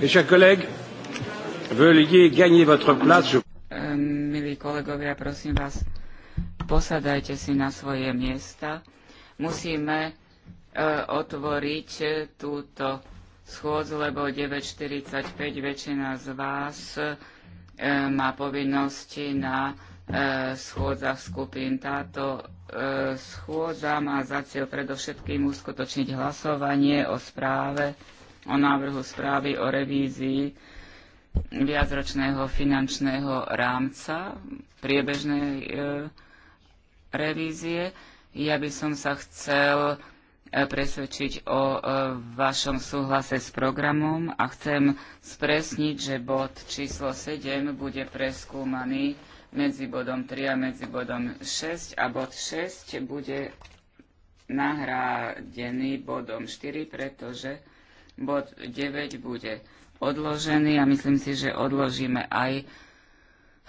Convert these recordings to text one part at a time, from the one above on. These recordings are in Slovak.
Mes chers collègues, veuillez gagner votre place. Milí kolegovia, prosím vás, posadajte si na svoje miesta. Musíme e, otvoriť túto schôdzu, lebo 9.45 väčšina z vás e, má povinnosti na e, schôdzach skupín. Táto schôdza má za cieľ predovšetkým uskutočniť hlasovanie o správe o návrhu správy o revízii viacročného finančného rámca, priebežnej e, revízie. Ja by som sa chcel e, presvedčiť o e, vašom súhlase s programom a chcem spresniť, že bod číslo 7 bude preskúmaný medzi bodom 3 a medzi bodom 6 a bod 6 bude nahrádený bodom 4, pretože bod 9 bude odložený a myslím si, že odložíme aj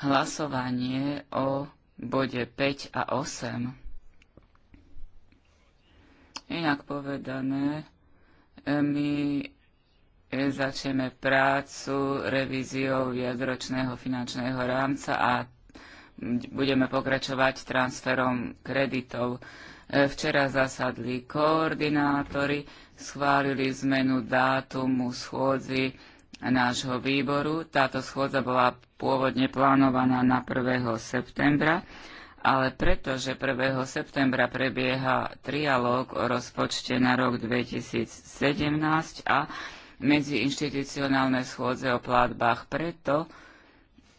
hlasovanie o bode 5 a 8. Inak povedané, e, my e, začneme prácu revíziou viacročného finančného rámca a budeme pokračovať transferom kreditov. E, včera zasadli koordinátori schválili zmenu dátumu schôdzi nášho výboru. Táto schôdza bola pôvodne plánovaná na 1. septembra, ale pretože 1. septembra prebieha trialóg o rozpočte na rok 2017 a medziinštitucionálne schôdze o platbách, preto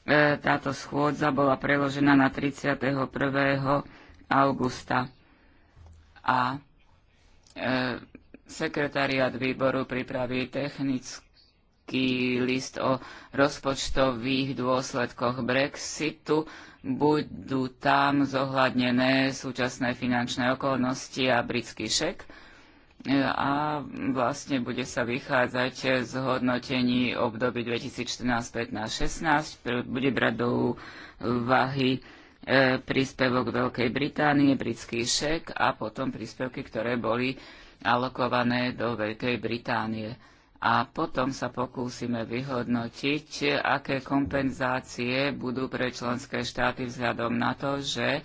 e, táto schôdza bola preložená na 31. augusta. A e, Sekretariat výboru pripraví technický list o rozpočtových dôsledkoch Brexitu. Budú tam zohľadnené súčasné finančné okolnosti a britský šek a vlastne bude sa vychádzať z hodnotení období 2014, 2015 2016 Bude brať do úvahy e, príspevok Veľkej Británie, britský šek a potom príspevky, ktoré boli alokované do Veľkej Británie. A potom sa pokúsime vyhodnotiť, aké kompenzácie budú pre členské štáty vzhľadom na to, že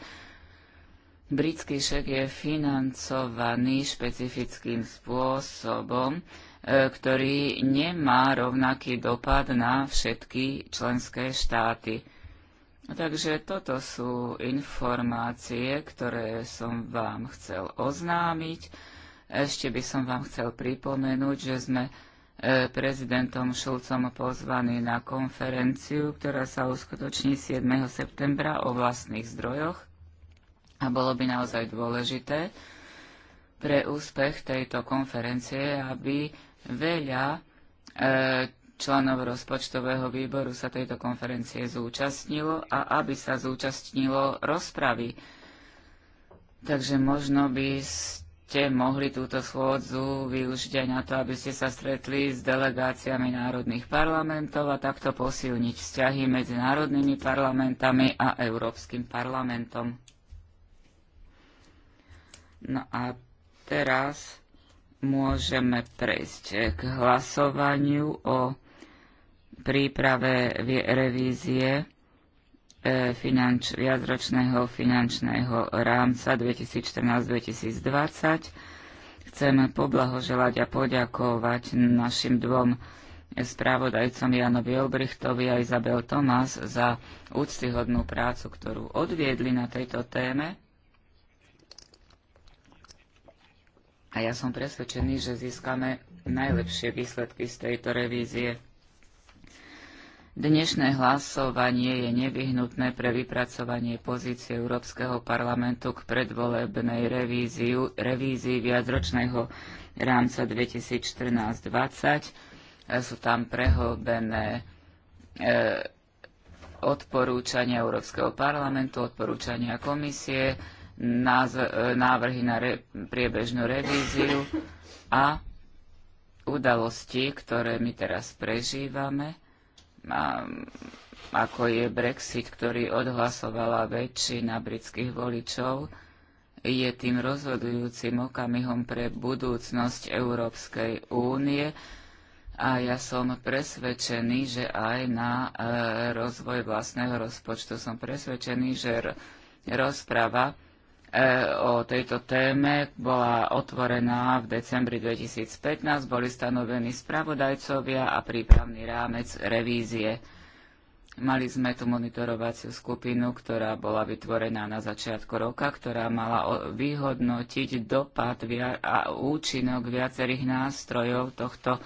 britský šek je financovaný špecifickým spôsobom, e, ktorý nemá rovnaký dopad na všetky členské štáty. Takže toto sú informácie, ktoré som vám chcel oznámiť ešte by som vám chcel pripomenúť, že sme e, prezidentom Šulcom pozvaní na konferenciu, ktorá sa uskutoční 7. septembra o vlastných zdrojoch. A bolo by naozaj dôležité pre úspech tejto konferencie, aby veľa e, členov rozpočtového výboru sa tejto konferencie zúčastnilo a aby sa zúčastnilo rozpravy. Takže možno by ste ste mohli túto schôdzu využiť aj na to, aby ste sa stretli s delegáciami národných parlamentov a takto posilniť vzťahy medzi národnými parlamentami a Európskym parlamentom. No a teraz môžeme prejsť k hlasovaniu o príprave revízie E, finanč, viacročného finančného rámca 2014-2020. Chcem poblahoželať a poďakovať našim dvom spravodajcom Janovi Olbrichtovi a Izabel Tomás za úctyhodnú prácu, ktorú odviedli na tejto téme. A ja som presvedčený, že získame najlepšie výsledky z tejto revízie. Dnešné hlasovanie je nevyhnutné pre vypracovanie pozície Európskeho parlamentu k predvolebnej revíziu, revízii viacročného rámca 2014-2020. E, sú tam prehlbené e, odporúčania Európskeho parlamentu, odporúčania komisie, náz, e, návrhy na re, priebežnú revíziu a udalosti, ktoré my teraz prežívame – ako je Brexit, ktorý odhlasovala väčšina britských voličov, je tým rozhodujúcim okamihom pre budúcnosť Európskej únie a ja som presvedčený, že aj na e, rozvoj vlastného rozpočtu som presvedčený, že rozprava E, o tejto téme bola otvorená v decembri 2015, boli stanovení spravodajcovia a prípravný rámec revízie. Mali sme tu monitorovaciu skupinu, ktorá bola vytvorená na začiatku roka, ktorá mala vyhodnotiť dopad a účinok viacerých nástrojov tohto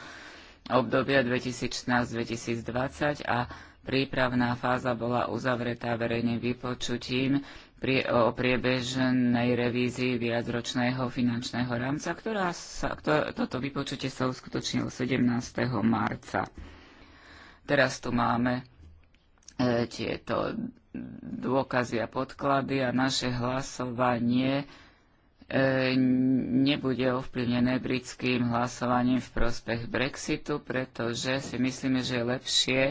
obdobia 2016-2020 a prípravná fáza bola uzavretá verejným vypočutím prie, o priebežnej revízii viacročného finančného rámca, ktorá sa, to, toto vypočutie sa uskutočnilo 17. marca. Teraz tu máme e, tieto dôkazy a podklady a naše hlasovanie e, nebude ovplyvnené britským hlasovaním v prospech Brexitu, pretože si myslíme, že je lepšie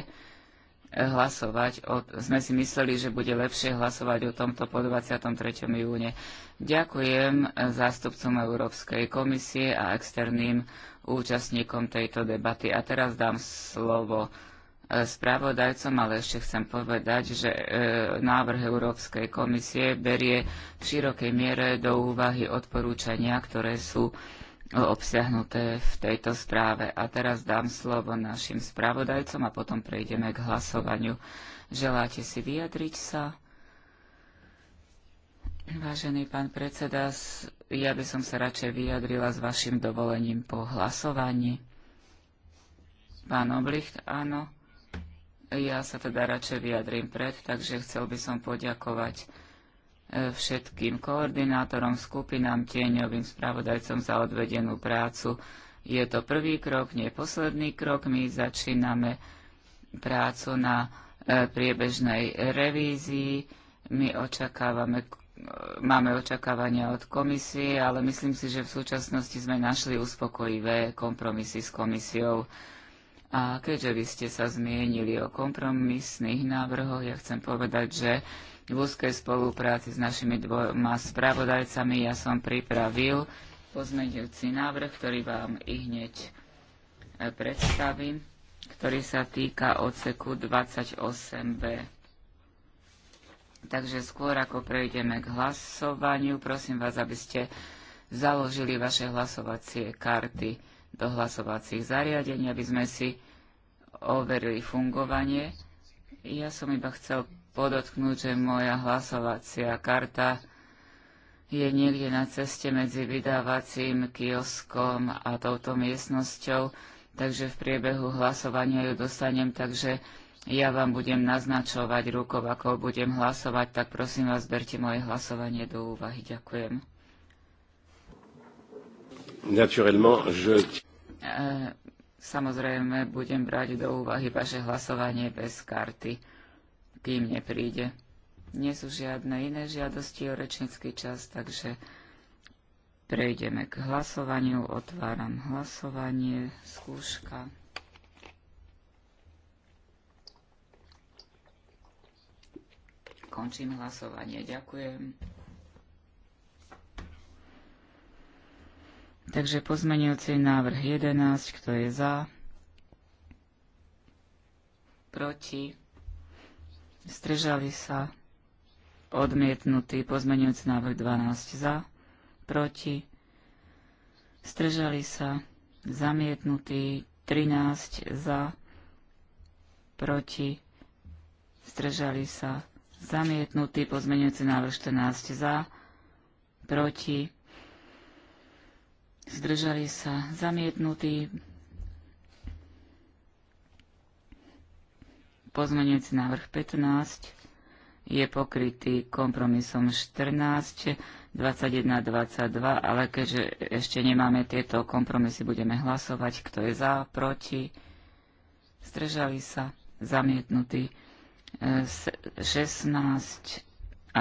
hlasovať. O, sme si mysleli, že bude lepšie hlasovať o tomto po 23. júne. Ďakujem zástupcom Európskej komisie a externým účastníkom tejto debaty. A teraz dám slovo e, spravodajcom, ale ešte chcem povedať, že e, návrh Európskej komisie berie v širokej miere do úvahy odporúčania, ktoré sú obsiahnuté v tejto správe. A teraz dám slovo našim spravodajcom a potom prejdeme k hlasovaniu. Želáte si vyjadriť sa? Vážený pán predseda, ja by som sa radšej vyjadrila s vašim dovolením po hlasovaní. Pán Oblicht, áno. Ja sa teda radšej vyjadrím pred, takže chcel by som poďakovať všetkým koordinátorom, skupinám, tieňovým spravodajcom za odvedenú prácu. Je to prvý krok, nie posledný krok. My začíname prácu na e, priebežnej revízii. My očakávame, e, máme očakávania od komisie, ale myslím si, že v súčasnosti sme našli uspokojivé kompromisy s komisiou. A keďže vy ste sa zmienili o kompromisných návrhoch, ja chcem povedať, že v úzkej spolupráci s našimi dvoma spravodajcami ja som pripravil pozmeňujúci návrh, ktorý vám i hneď e, predstavím, ktorý sa týka odseku 28b. Takže skôr ako prejdeme k hlasovaniu, prosím vás, aby ste založili vaše hlasovacie karty do hlasovacích zariadení, aby sme si overili fungovanie. Ja som iba chcel podotknúť, že moja hlasovacia karta je niekde na ceste medzi vydávacím kioskom a touto miestnosťou, takže v priebehu hlasovania ju dostanem, takže ja vám budem naznačovať rukou, ako budem hlasovať, tak prosím vás, berte moje hlasovanie do úvahy. Ďakujem. E, samozrejme, budem brať do úvahy vaše hlasovanie bez karty kým nepríde. Nie sú žiadne iné žiadosti o rečnický čas, takže prejdeme k hlasovaniu. Otváram hlasovanie, skúška. Končím hlasovanie. Ďakujem. Takže pozmenujúci návrh 11, kto je za? Proti? Zdržali sa. Odmietnutý pozmeňujúci návrh 12 za. Proti. Zdržali sa. Zamietnutý 13 za. Proti. Zdržali sa. Zamietnutý pozmeňujúci návrh 14 za. Proti. Zdržali sa. Zamietnutý Pozmenujúci návrh 15 je pokrytý kompromisom 14, 21, 22, ale keďže ešte nemáme tieto kompromisy, budeme hlasovať, kto je za, proti, zdržali sa, zamietnutí. 16 e, a 17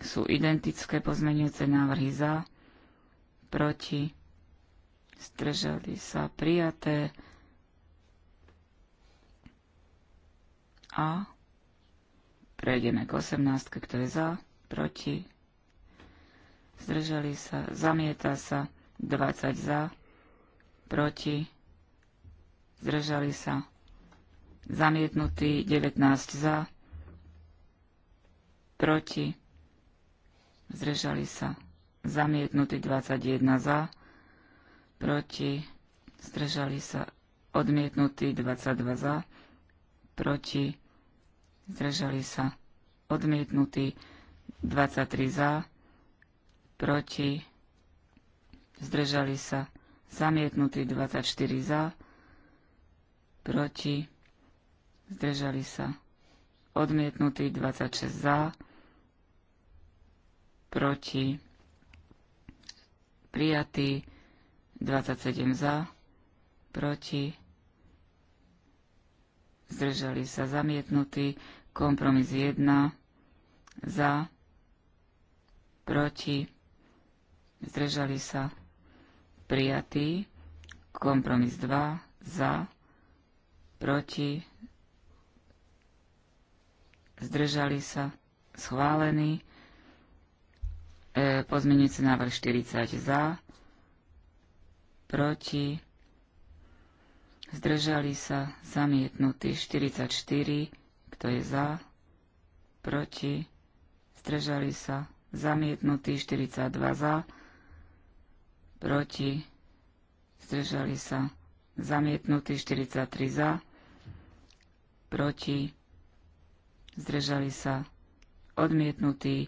sú identické pozmenujúce návrhy za, proti, zdržali sa, prijaté a prejdeme k 18, kto je za, proti, zdržali sa, zamieta sa, 20 za, proti, zdržali sa, zamietnutý, 19 za, proti, zdržali sa, zamietnutý, 21 za, proti, zdržali sa, odmietnutý, 22 za, proti, zdržali sa odmietnutí 23 za, proti, zdržali sa zamietnutí 24 za, proti, zdržali sa odmietnutí 26 za, proti, prijatí 27 za, proti, zdržali sa zamietnutí, kompromis 1 za, proti, zdržali sa prijatí, kompromis 2 za, proti, zdržali sa schválený, e, pozmeňujúci návrh 40 za, proti, zdržali sa zamietnutí 44, kto je za, proti, zdržali sa zamietnutí 42 za, proti, zdržali sa zamietnutí 43 za, proti, zdržali sa odmietnutí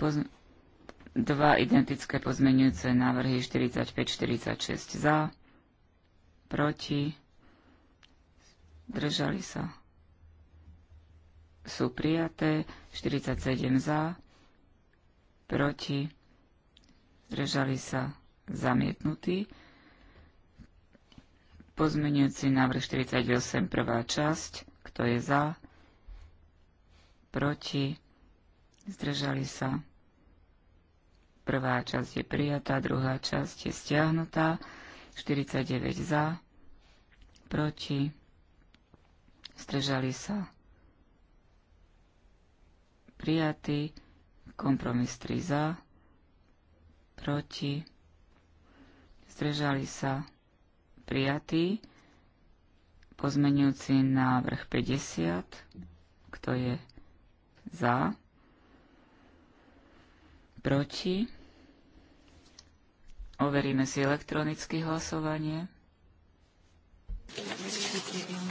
poz... dva identické pozmenujúce návrhy 45-46 za, proti, držali sa. Sú prijaté 47 za, proti, zdržali sa zamietnutí. Pozmenujúci návrh 48, prvá časť, kto je za, proti, zdržali sa. Prvá časť je prijatá, druhá časť je stiahnutá, 49 za, proti, zdržali sa, prijatý, kompromis 3 za, proti, zdržali sa, prijatý, pozmenujúci návrh 50, kto je za, proti, overíme si elektronicky hlasovanie,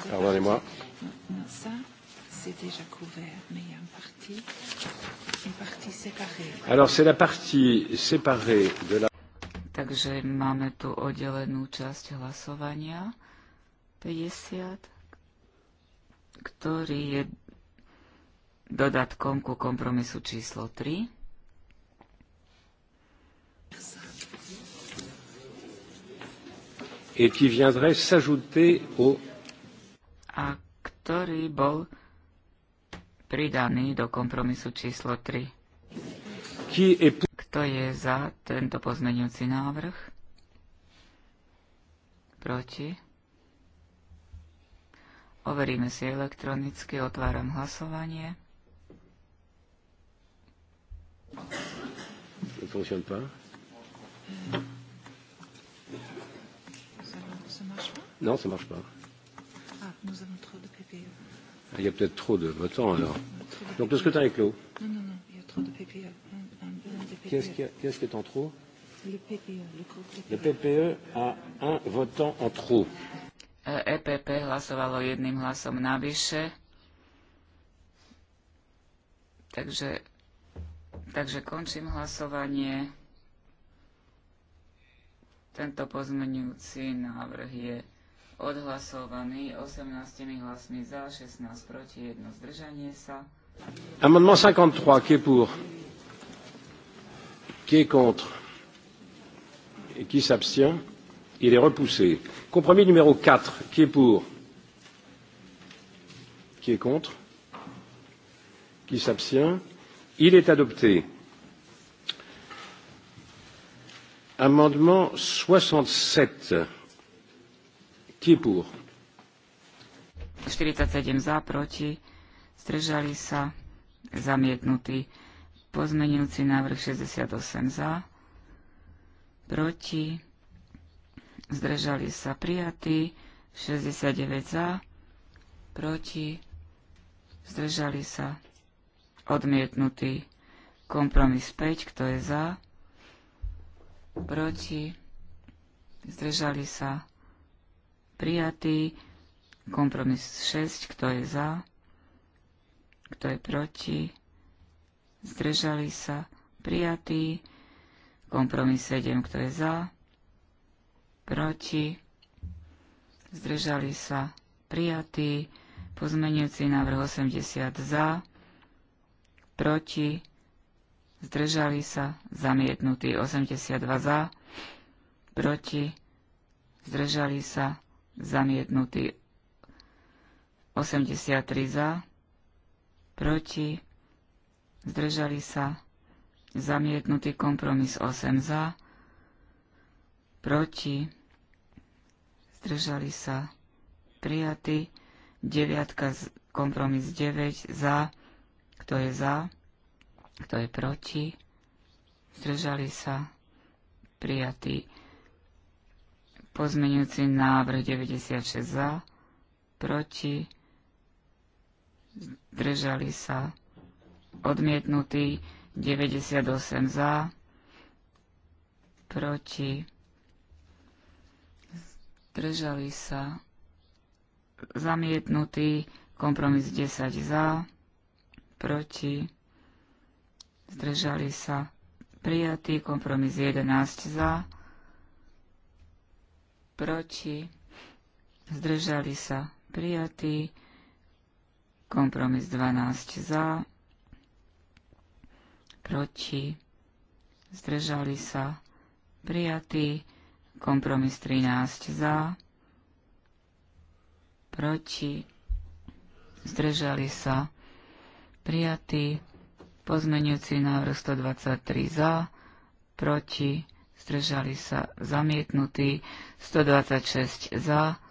Pardonnez-moi. Alors, c'est la partie séparée de la... Takže máme tu oddelenú časť hlasovania 50, ktorý je dodatkom ku kompromisu číslo 3. a ktorý bol pridaný do kompromisu číslo 3. Kto je za tento pozmeňujúci návrh? Proti? Overíme si elektronicky, otváram hlasovanie. Ne fonctionne pas. Non, ça ne marche pas. Ah, nous avons trop de PPE. Ah, il y a peut-être trop de votants alors. De Donc le scrutin est clos. Non, non, non, il y a trop de PPE. Qu'est-ce qui, est en trop Le PPE, le groupe PPE. Le PPE a un votant en trop. EPP e hlasovalo jedným hlasom navyše. Takže, takže končím hlasovanie. Tento pozmeňujúci návrh je odhlasovaný 18 hlasmi za, 16 proti, 1 zdržanie sa. Amendement 53, qui est pour Qui est contre Et qui s'abstient Il est repoussé. Compromis numéro 4, qui est pour Qui est contre Qui s'abstient Il est adopté. Amendement 67. Qui est pour? 47 za, proti, zdržali sa, zamietnutý. Pozmenujúci návrh 68 za, proti, zdržali sa, prijatý. 69 za, proti, zdržali sa, odmietnutý. Kompromis 5, kto je za, proti, zdržali sa, prijatý. Kompromis 6, kto je za, kto je proti, zdržali sa, prijatý. Kompromis 7, kto je za, proti, zdržali sa, prijatý. Pozmenujúci návrh 80 za, proti, zdržali sa, zamietnutý 82 za, proti, zdržali sa, zamietnutý. 83 za, proti, zdržali sa, zamietnutý kompromis 8 za, proti, zdržali sa, prijatý, 9 kompromis 9 za, kto je za, kto je proti, zdržali sa, prijatý Pozmeňujúci návrh 96 za, proti, zdržali sa, odmietnutý 98 za, proti, zdržali sa, zamietnutý kompromis 10 za, proti, zdržali sa, prijatý kompromis 11 za, proti, zdržali sa prijatí, kompromis 12 za, proti, zdržali sa prijatí, kompromis 13 za, proti, zdržali sa prijatí, pozmenujúci návrh 123 za, proti, zdržali sa zamietnutí, 126 za,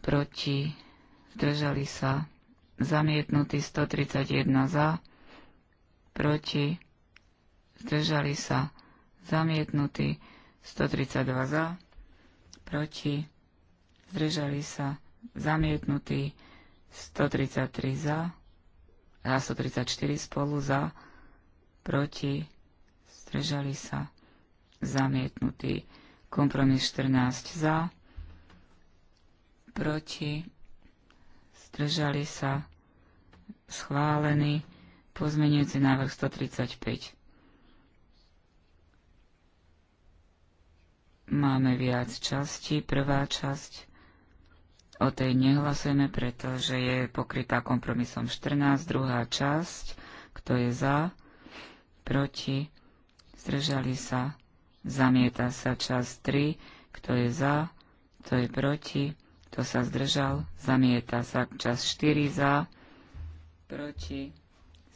proti, zdržali sa zamietnutí, 131 za, proti, zdržali sa zamietnutí, 132 za, proti, zdržali sa zamietnutí, 133 za, a 134 spolu za, proti, zdržali sa zamietnutý. Kompromis 14 za, proti, zdržali sa, schválený, pozmenujúci návrh 135. Máme viac častí, prvá časť, o tej nehlasujeme, pretože je pokrytá kompromisom 14, druhá časť, kto je za, proti, zdržali sa, Zamieta sa čas 3, kto je za, kto je proti, kto sa zdržal. Zamieta sa čas 4 za, proti,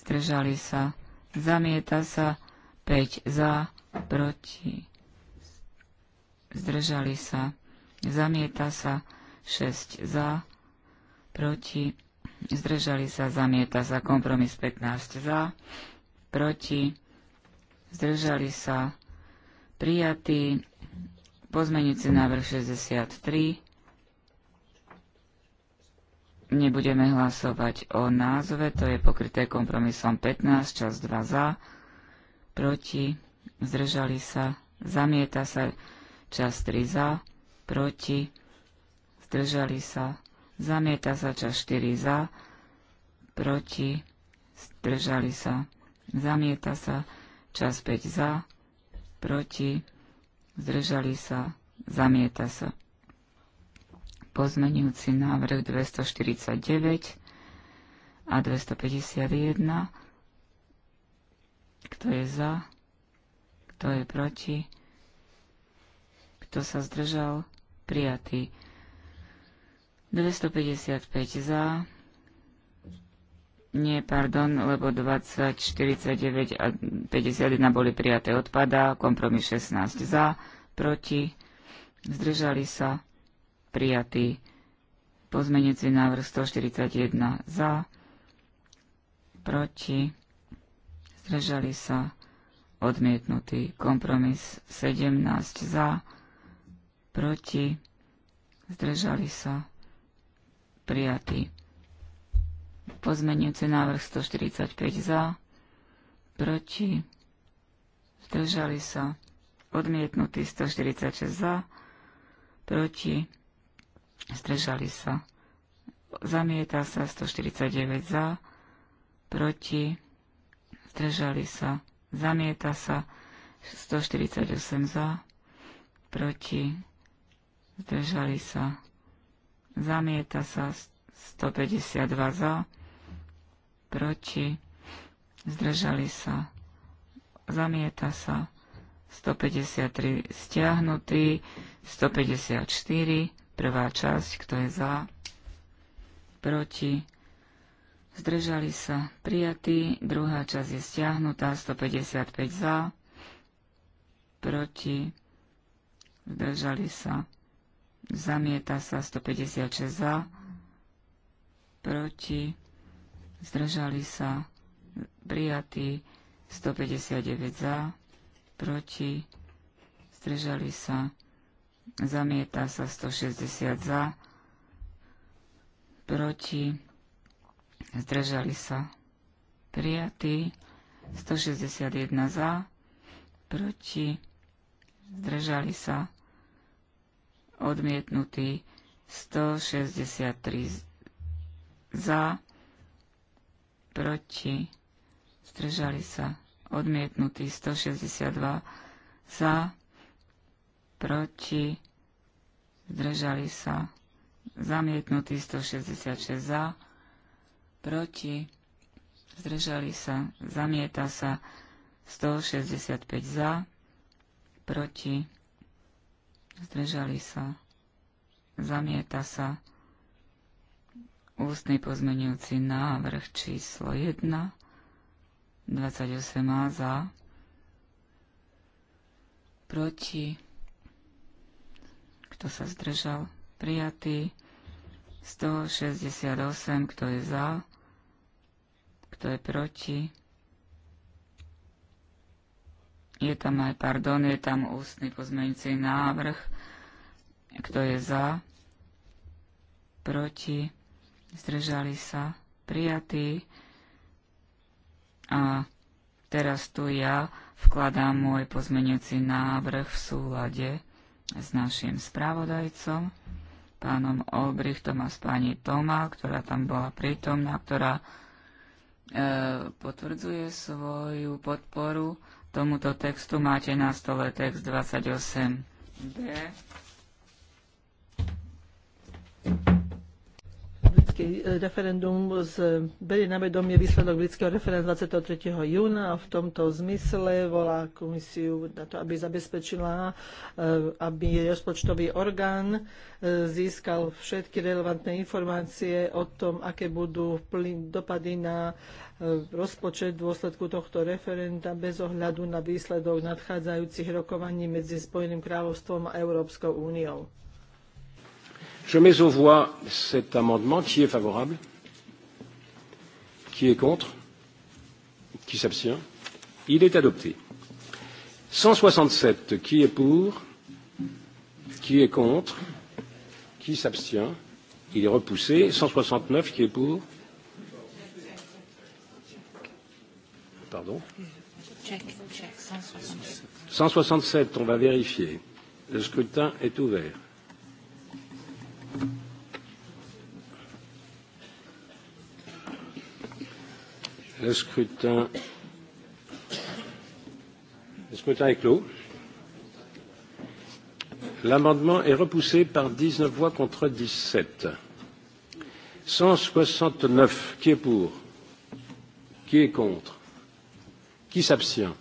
zdržali sa. Zamieta sa 5 za, proti, zdržali sa. Zamieta sa 6 za, proti, zdržali sa. Zamieta sa kompromis 15 za, proti, zdržali sa prijatý. Pozmenujúci návrh 63. Nebudeme hlasovať o názve, to je pokryté kompromisom 15, čas 2 za, proti, zdržali sa, zamieta sa, čas 3 za, proti, zdržali sa, zamieta sa, čas 4 za, proti, zdržali sa, zamieta sa, čas 5 za, proti, zdržali sa, zamieta sa. Pozmenujúci návrh 249 a 251. Kto je za? Kto je proti? Kto sa zdržal? Prijatý. 255 za, nie, pardon, lebo 20, 49 a 51 boli prijaté odpada, kompromis 16 za, proti, zdržali sa, prijatý pozmenujúci návrh 141 za, proti, zdržali sa, odmietnutý kompromis 17 za, proti, zdržali sa, prijatý Pozmenujúci návrh 145 za, proti, zdržali sa. Odmietnutý 146 za, proti, zdržali sa. Zamieta sa 149 za, proti, zdržali sa. Zamieta sa 148 za, proti, zdržali sa. Zamieta sa 152 za, proti, zdržali sa, zamieta sa, 153 stiahnutý, 154, prvá časť, kto je za, proti, zdržali sa, prijatý, druhá časť je stiahnutá, 155 za, proti, zdržali sa, zamieta sa, 156 za, proti, zdržali sa, prijatí, 159 za, proti, zdržali sa, zamieta sa 160 za, proti, zdržali sa, prijatí, 161 za, proti, zdržali sa, odmietnutí, 163 za, proti, zdržali sa, odmietnutý 162 za, proti, zdržali sa, zamietnutý 166 za, proti, zdržali sa, zamieta sa 165 za, proti, zdržali sa, zamieta sa Ústny pozmenujúci návrh číslo 1, 28a za, proti, kto sa zdržal, prijatý, 168, kto je za, kto je proti. Je tam aj, pardon, je tam ústny pozmeňujúci návrh, kto je za, proti, zdržali sa prijatí. A teraz tu ja vkladám môj pozmenujúci návrh v súlade s našim správodajcom, pánom Olbrichtom a s pani Toma, ktorá tam bola prítomná, ktorá e, potvrdzuje svoju podporu tomuto textu. Máte na stole text 28b britský e, referendum berie na vedomie výsledok britského referenda 23. júna a v tomto zmysle volá komisiu na to, aby zabezpečila, e, aby rozpočtový orgán e, získal všetky relevantné informácie o tom, aké budú dopady na rozpočet v dôsledku tohto referenda bez ohľadu na výsledok nadchádzajúcich rokovaní medzi Spojeným kráľovstvom a Európskou úniou. Je mets aux voix cet amendement. Qui est favorable Qui est contre Qui s'abstient Il est adopté. 167. Qui est pour Qui est contre Qui s'abstient Il est repoussé. 169. Qui est pour Pardon 167. On va vérifier. Le scrutin est ouvert. Le scrutin, Le scrutin est clos. L'amendement est repoussé par dix neuf voix contre dix sept. Cent soixante neuf, qui est pour? Qui est contre? Qui s'abstient?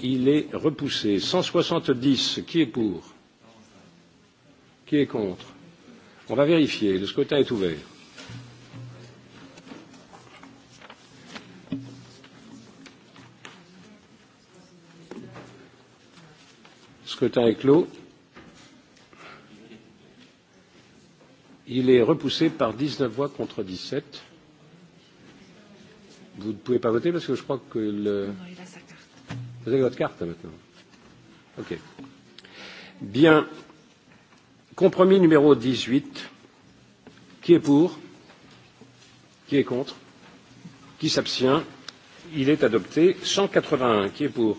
Il est repoussé. Cent soixante dix, qui est pour? Qui est contre? On va vérifier. Le scrutin est ouvert. Le scrutin est clos. Il est repoussé par 19 voix contre 17. Vous ne pouvez pas voter parce que je crois que le. Non, il a sa carte. Vous avez votre carte maintenant. OK. Bien. Compromis numéro dix-huit Qui est pour Qui est contre Qui s'abstient Il est adopté. Cent quatre-vingt-un Qui est pour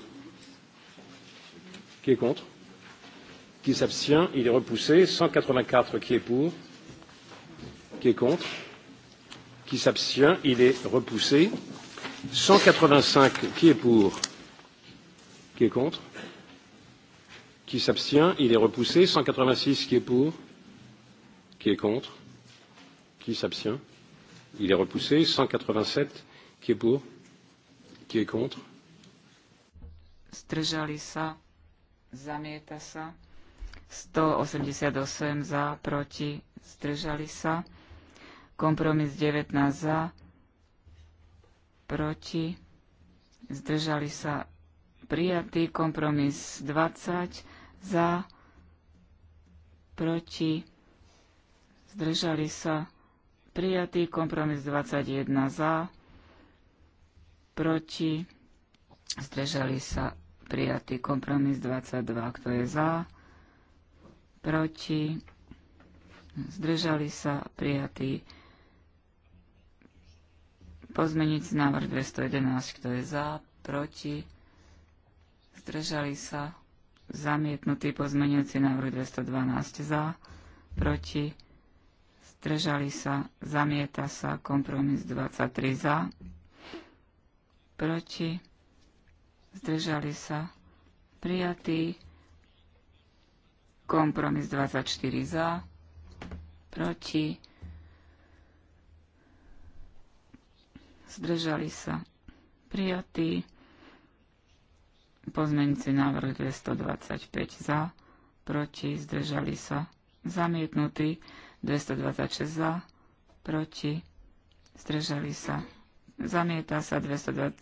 Qui est contre Qui s'abstient Il est repoussé. Cent quatre-vingt-quatre Qui est pour Qui est contre Qui s'abstient Il est repoussé. Cent quatre-vingt cinq Qui est pour Qui est contre qui s'abstient, il est repoussé. 186 qui est pour, qui est contre, qui s'abstient, il est repoussé. 187 qui est pour, qui est contre. Zdržali sa, zamieta sa. 188 za, proti, zdržali sa. Kompromis 19 za, proti, zdržali sa prijatý kompromis 20 za, proti, zdržali sa, prijatý kompromis 21 za, proti, zdržali sa, prijatý kompromis 22, kto je za, proti, zdržali sa, prijatý pozmeniť návrh 211, kto je za, proti, zdržali sa, Zamietnutý pozmenujúci návrh 212 za, proti, zdržali sa, zamieta sa, kompromis 23 za, proti, zdržali sa, prijatý, kompromis 24 za, proti, zdržali sa, prijatý, Pozmeňujúci návrh 225 za, proti, zdržali sa, zamietnutý, 226 za, proti, zdržali sa, zamieta sa 227,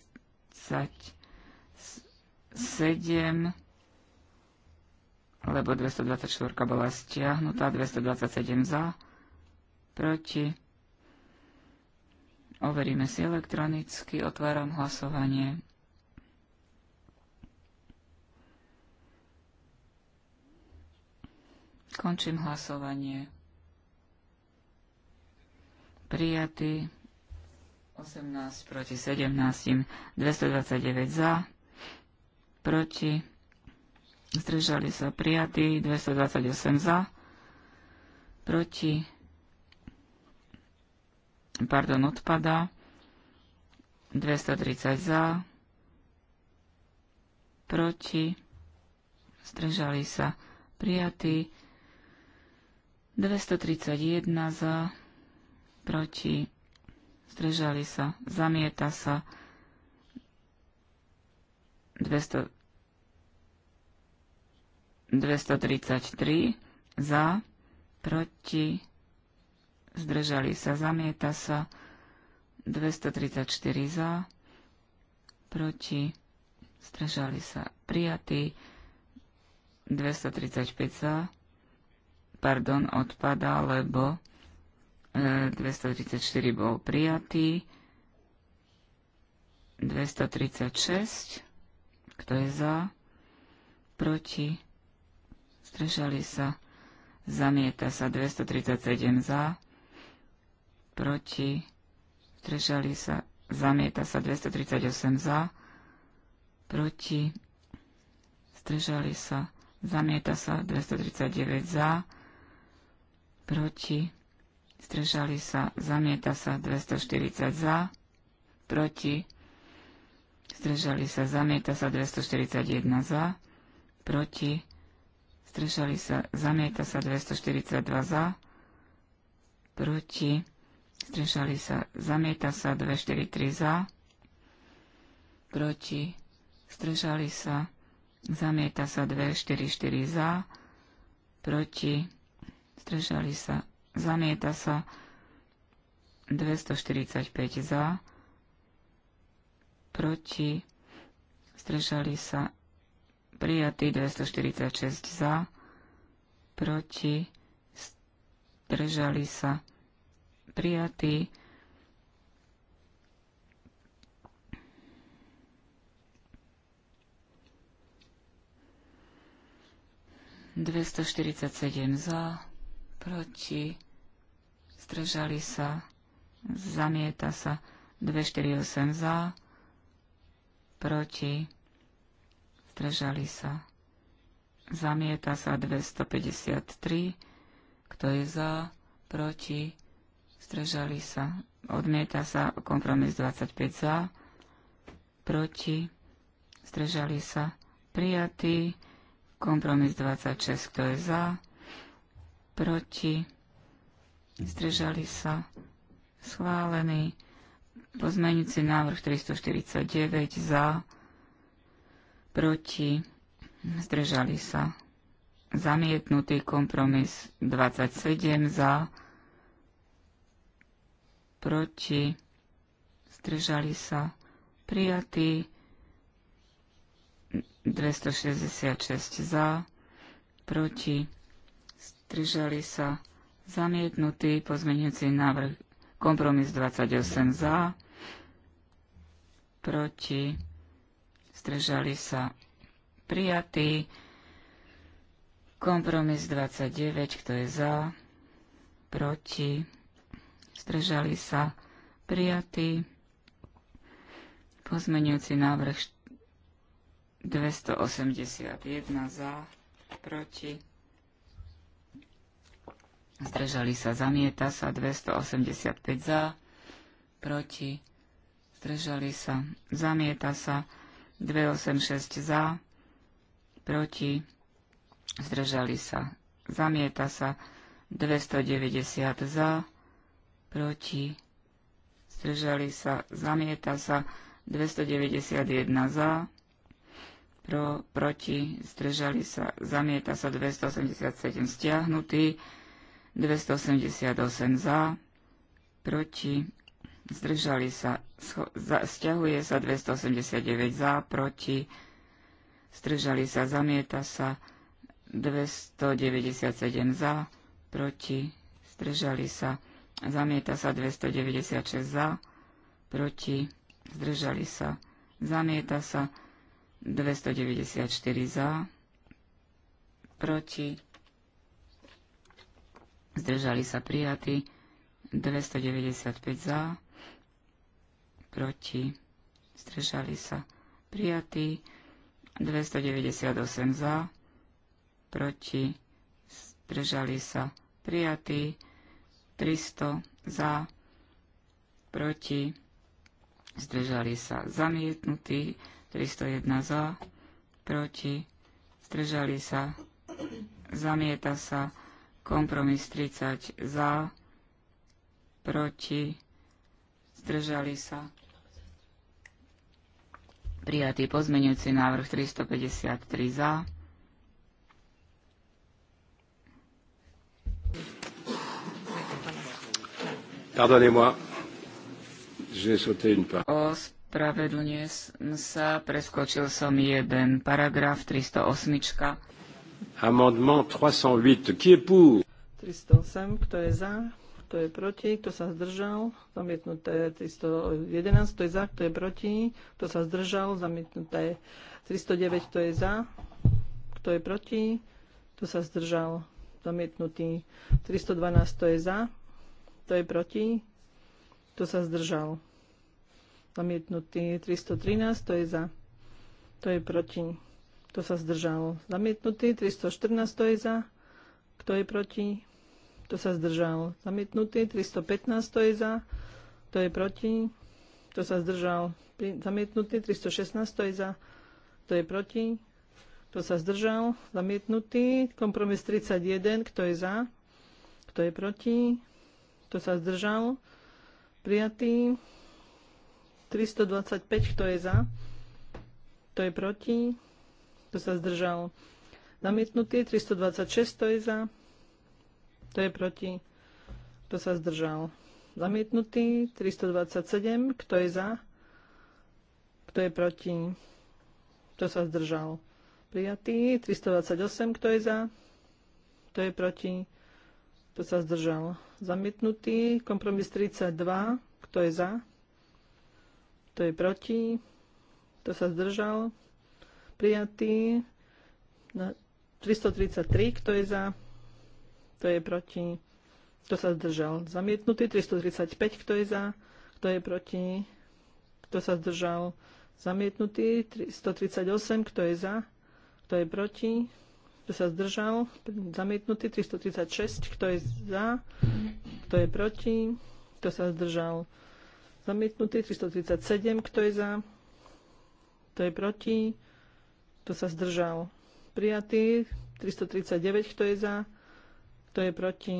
lebo 224 bola stiahnutá, 227 za, proti, overíme si elektronicky, otváram hlasovanie. Končím hlasovanie. Prijatý 18 proti 17, 229 za, proti, zdržali sa prijatí, 228 za, proti, pardon, odpada, 230 za, proti, zdržali sa prijatí, 231 za, proti, zdržali sa, zamieta sa. 200, 233 za, proti, zdržali sa, zamieta sa. 234 za, proti, zdržali sa, prijatí. 235 za, pardon, odpada, lebo 234 e, bol prijatý. 236, kto je za, proti, zdržali sa, zamieta sa 237 za, proti, strešali sa, zamieta sa 238 za, proti, zdržali sa, zamieta sa 239 za, proti, zdržali sa, zamieta sa 240 za, proti, zdržali sa, zamieta sa 241 za, proti, zdržali sa, zamieta sa 242 za, proti, zdržali sa, zamieta sa 243 za, proti, zdržali sa, zamieta sa 244 za, proti, zdržali sa, zamieta sa 245 za, proti, zdržali sa, prijatý 246 za, proti, zdržali sa, prijatý sedem za, proti, zdržali sa, zamieta sa 248 za, proti, zdržali sa, zamieta sa 253, kto je za, proti, zdržali sa, odmieta sa kompromis 25 za, proti, zdržali sa, prijatý, kompromis 26, kto je za, proti, zdržali sa, schválený. Pozmeňujúci návrh 349 za, proti, zdržali sa, zamietnutý kompromis 27 za, proti, zdržali sa, prijatý 266 za, proti, Držali sa. Zamietnutý pozmeňujúci návrh. Kompromis 28 za. Proti. Zdržali sa. Prijatý. Kompromis 29, kto je za. Proti. Zdržali sa. Prijatý. Pozmeňujúci návrh 281 za. Proti zdržali sa, zamieta sa, 285 za, proti, zdržali sa, zamieta sa, 286 za, proti, zdržali sa, zamieta sa, 290 za, proti, zdržali sa, zamieta sa, 291 za, pro, proti, zdržali sa, zamieta sa, 287 stiahnutý, 288 za, proti, zdržali sa, za, stiahuje sa 289 za, proti, zdržali sa, zamieta sa 297 za, proti, zdržali sa, zamieta sa 296 za, proti, zdržali sa, zamieta sa 294 za, proti, zdržali sa prijatí, 295 za, proti, zdržali sa prijatí, 298 za, proti, zdržali sa prijatí, 300 za, proti, zdržali sa zamietnutí, 301 za, proti, zdržali sa, zamieta sa, Kompromis 30 za, proti, zdržali sa. Prijatý pozmenujúci návrh 353 za. Pardonnez-moi, sauté une part. Ospravedlňujem sa, preskočil som jeden paragraf 308. Amendement 308. Qui est pour 308. Kto je za? Kto je proti? Kto sa zdržal? Zamietnuté 311. Kto je za? Kto je proti? Kto sa zdržal? Zamietnuté 309. Kto je za? Kto je proti? Kto sa zdržal? Zamietnutý 312. Kto je za? Kto je proti? Kto sa zdržal? Zamietnutý 313. Kto je za? Kto je proti? Kto sa zdržal? Zamietnutý. 314. Kto je za? Kto je proti? Kto sa zdržal? Zamietnutý. 315. Kto je za? Kto je proti? Kto sa zdržal? Zamietnutý. 316. Kto je za? Kto je proti? Kto sa zdržal? Zamietnutý. Kompromis 31. Kto je za? Kto je proti? Kto sa zdržal? Prijatý. 325. Kto je za? Kto je proti? Kto sa zdržal? Zamietnutý. 326. To je za. To je proti. Kto sa zdržal? Zamietnutý. 327. Kto je za? Kto je proti? Kto sa zdržal? Prijatý. 328. Kto je za? Kto je proti? Kto sa zdržal? Zamietnutý. Kompromis 32. Kto je za? Kto je proti? Kto sa zdržal? prijatý. Na 333, kto je za, kto je proti, kto sa zdržal. Zamietnutý 335, kto je za, kto je proti, kto sa zdržal. Zamietnutý 138, kto je za, kto je proti, kto sa zdržal. Zamietnutý 336, kto je za, kto je proti, kto sa zdržal. Zamietnutý 337, kto je za, kto je proti, kto sa zdržal? Prijatý. 339. Kto je za? Kto je proti?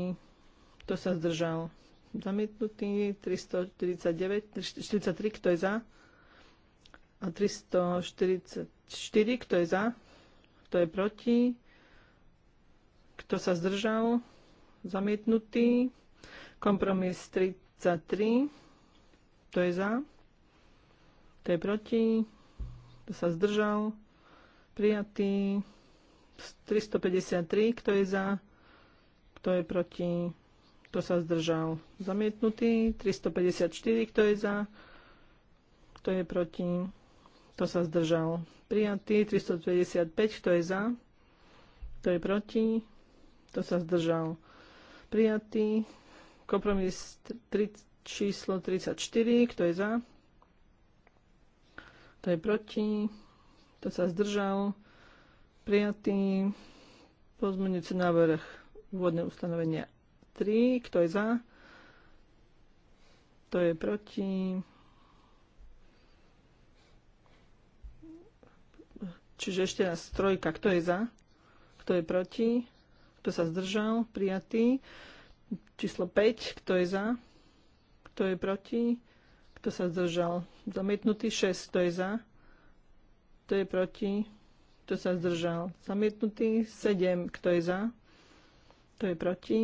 Kto sa zdržal? Zamietnutý. 349. 43. Kto je za? A 344. Kto je za? Kto je proti? Kto sa zdržal? Zamietnutý. Kompromis 33. Kto je za? Kto je proti? Kto sa zdržal? prijatý 353, kto je za, kto je proti, kto sa zdržal. Zamietnutý 354, kto je za, kto je proti, kto sa zdržal. Prijatý 355, kto je za, kto je proti, kto sa zdržal. Prijatý kompromis tri, číslo 34, kto je za, kto je proti, kto sa zdržal, prijatý. Pozmeňujúci návrh úvodné ustanovenia 3, kto je za, kto je proti. Čiže ešte raz trojka, kto je za, kto je proti, kto sa zdržal, prijatý. Číslo 5, kto je za, kto je proti, kto sa zdržal, zamietnutý. 6, kto je za, kto je proti? Kto sa zdržal? Zamietnutý. 7. Kto je za? Kto je proti?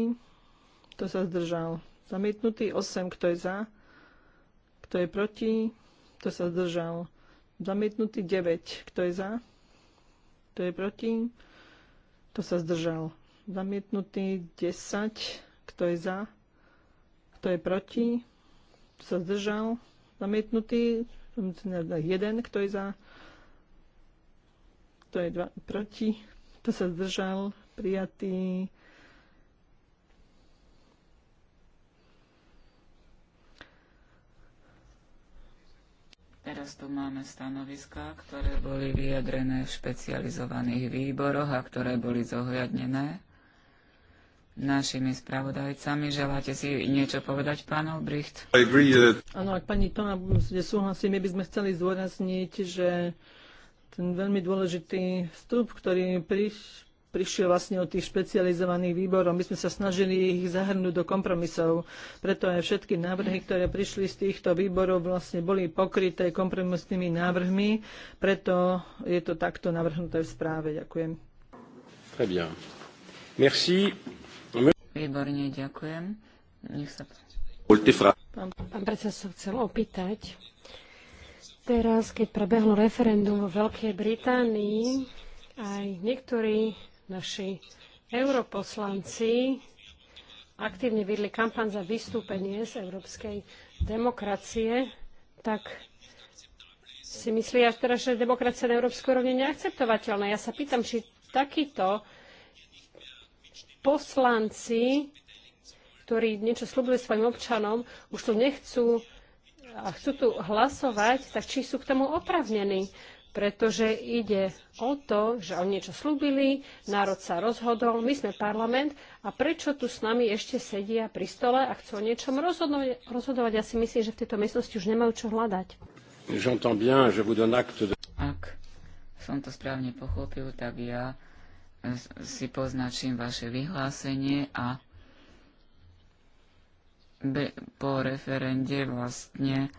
Kto sa zdržal? Zamietnutý. 8. Kto je za? Kto je proti? Kto sa zdržal? Zamietnutý 9. Kto je za? Kto je proti? Kto sa zdržal? Zamietnutý 10. Kto je za? Kto je proti? Kto sa zdržal? Zamietnutý 1. Kto je za? kto je dva, proti, kto sa zdržal, prijatý. Teraz tu máme stanoviská, ktoré boli vyjadrené v špecializovaných výboroch a ktoré boli zohľadnené našimi spravodajcami. Želáte si niečo povedať, pán Olbricht? Uh, Áno, ak pani Tona súhlasí, my by sme chceli zdôrazniť, že ten veľmi dôležitý vstup, ktorý priš, prišiel vlastne od tých špecializovaných výborov. My sme sa snažili ich zahrnúť do kompromisov. Preto aj všetky návrhy, ktoré prišli z týchto výborov, vlastne boli pokryté kompromisnými návrhmi. Preto je to takto navrhnuté v správe. Ďakujem. Très bien. Merci. Výborne, ďakujem. Nech sa Pán, pán predseda, sa chcel opýtať, Teraz, keď prebehlo referendum vo Veľkej Británii, aj niektorí naši europoslanci aktívne vidli kampaň za vystúpenie z európskej demokracie, tak si myslia teraz, že demokracia na európskej úrovni neakceptovateľná. Ja sa pýtam, či takíto poslanci, ktorí niečo slúbili svojim občanom, už to nechcú a chcú tu hlasovať, tak či sú k tomu opravnení. Pretože ide o to, že oni niečo slúbili, národ sa rozhodol, my sme parlament a prečo tu s nami ešte sedia pri stole a chcú o niečom rozhodovať, rozhodovať? Ja si myslím, že v tejto miestnosti už nemajú čo hľadať. Ak som to správne pochopil, tak ja si poznačím vaše vyhlásenie a po referende vlastne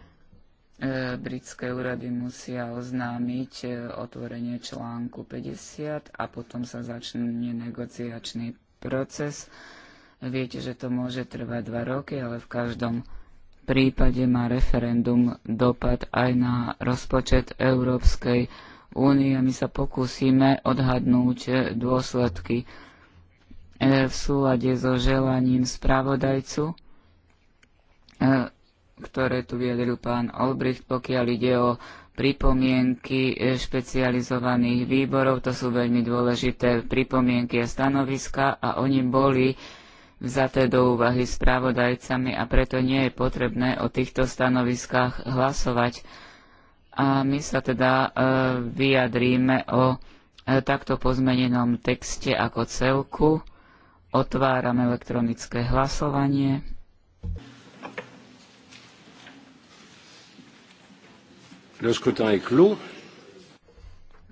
e, britské úrady musia oznámiť e, otvorenie článku 50 a potom sa začne negociačný proces. Viete, že to môže trvať dva roky, ale v každom prípade má referendum dopad aj na rozpočet Európskej únie. My sa pokúsime odhadnúť e, dôsledky v súlade so želaním spravodajcu E, ktoré tu vyjadril pán Olbricht, pokiaľ ide o pripomienky e, špecializovaných výborov. To sú veľmi dôležité pripomienky a stanoviska a oni boli vzaté do úvahy správodajcami a preto nie je potrebné o týchto stanoviskách hlasovať. A my sa teda e, vyjadríme o e, takto pozmenenom texte ako celku. Otváram elektronické hlasovanie. Le scrutin est clos.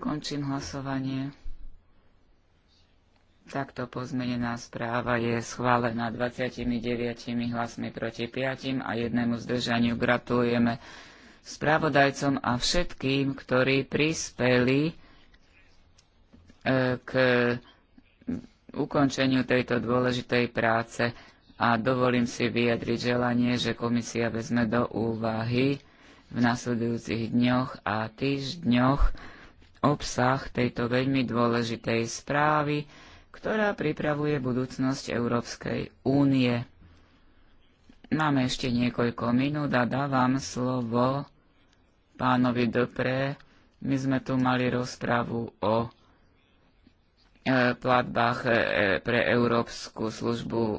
Končím hlasovanie. Takto pozmenená správa je schválená 29 hlasmi proti 5 a jednému zdržaniu. Gratulujeme spravodajcom a všetkým, ktorí prispeli e, k ukončeniu tejto dôležitej práce a dovolím si vyjadriť želanie, že komisia vezme do úvahy v nasledujúcich dňoch a týždňoch obsah tejto veľmi dôležitej správy, ktorá pripravuje budúcnosť Európskej únie. Máme ešte niekoľko minút a dávam slovo pánovi Dopré. My sme tu mali rozpravu o e, platbách e, pre Európsku službu, e,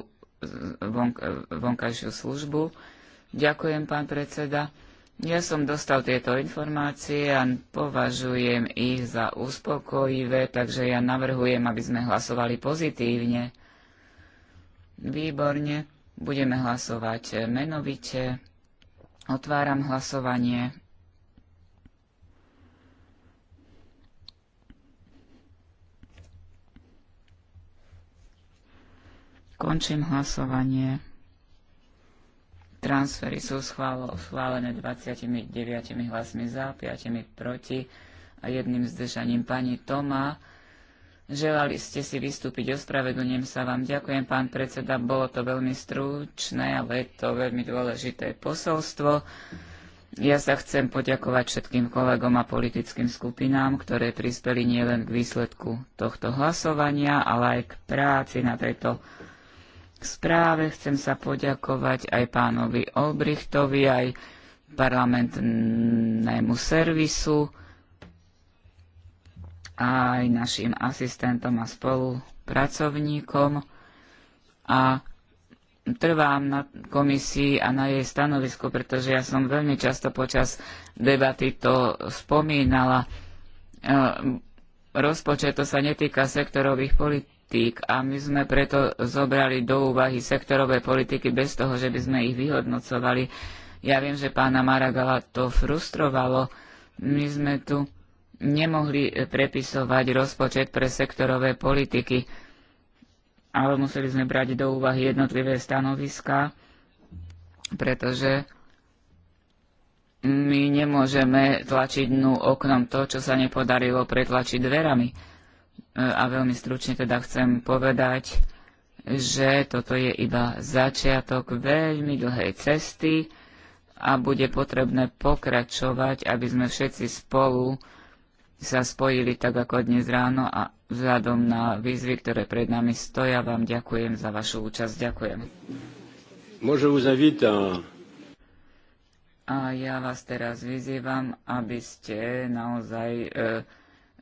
vonkajšiu službu. Ďakujem, pán predseda. Ja som dostal tieto informácie a považujem ich za uspokojivé, takže ja navrhujem, aby sme hlasovali pozitívne. Výborne, budeme hlasovať menovite. Otváram hlasovanie. Končím hlasovanie. Transfery sú schválené 29 hlasmi za, 5 proti a jedným zdržaním pani Toma. Želali ste si vystúpiť, ospravedlňujem sa vám. Ďakujem, pán predseda, bolo to veľmi stručné, ale je to veľmi dôležité posolstvo. Ja sa chcem poďakovať všetkým kolegom a politickým skupinám, ktoré prispeli nielen k výsledku tohto hlasovania, ale aj k práci na tejto k správe. Chcem sa poďakovať aj pánovi Olbrichtovi, aj parlamentnému servisu, aj našim asistentom a spolupracovníkom. A trvám na komisii a na jej stanovisku, pretože ja som veľmi často počas debaty to spomínala. E, rozpočet to sa netýka sektorových politik politík a my sme preto zobrali do úvahy sektorové politiky bez toho, že by sme ich vyhodnocovali. Ja viem, že pána Maragala to frustrovalo. My sme tu nemohli prepisovať rozpočet pre sektorové politiky, ale museli sme brať do úvahy jednotlivé stanoviská, pretože my nemôžeme tlačiť dnu oknom to, čo sa nepodarilo pretlačiť dverami. E, a veľmi stručne teda chcem povedať, že toto je iba začiatok veľmi dlhej cesty a bude potrebné pokračovať, aby sme všetci spolu sa spojili tak ako dnes ráno a vzhľadom na výzvy, ktoré pred nami stoja, vám ďakujem za vašu účasť. Ďakujem. Môžem vous A ja vás teraz vyzývam, aby ste naozaj e,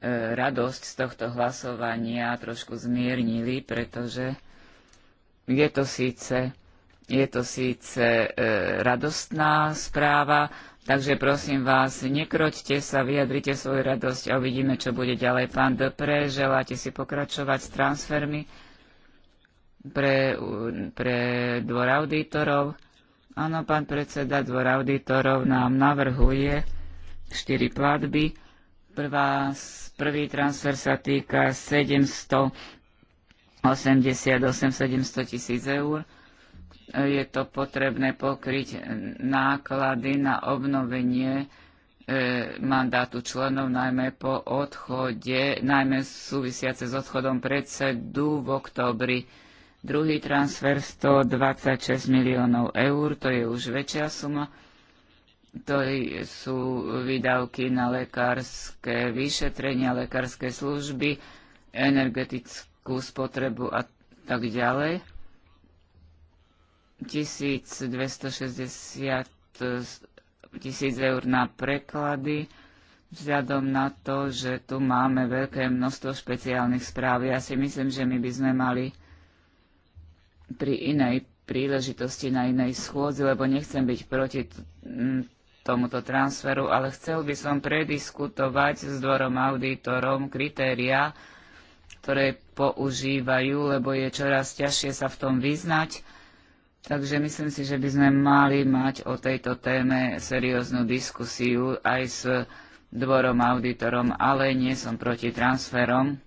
E, radosť z tohto hlasovania trošku zmiernili, pretože je to síce, je to síce e, radostná správa, takže prosím vás, nekroťte sa, vyjadrite svoju radosť a uvidíme, čo bude ďalej. Pán Dopre, želáte si pokračovať s transfermi pre, pre dvor auditorov? Áno, pán predseda, dvor auditorov nám navrhuje štyri platby Prvá, prvý transfer sa týka 788 700 tisíc eur. Je to potrebné pokryť náklady na obnovenie e, mandátu členov, najmä po odchode, najmä súvisiace s odchodom predsedu v oktobri. Druhý transfer 126 miliónov eur, to je už väčšia suma to sú výdavky na lekárske vyšetrenia, lekárske služby, energetickú spotrebu a tak ďalej. 1260 tisíc eur na preklady, vzhľadom na to, že tu máme veľké množstvo špeciálnych správ. Ja si myslím, že my by sme mali pri inej príležitosti na inej schôdzi, lebo nechcem byť proti tomuto transferu, ale chcel by som prediskutovať s dvorom auditorom kritéria, ktoré používajú, lebo je čoraz ťažšie sa v tom vyznať. Takže myslím si, že by sme mali mať o tejto téme serióznu diskusiu aj s dvorom auditorom, ale nie som proti transferom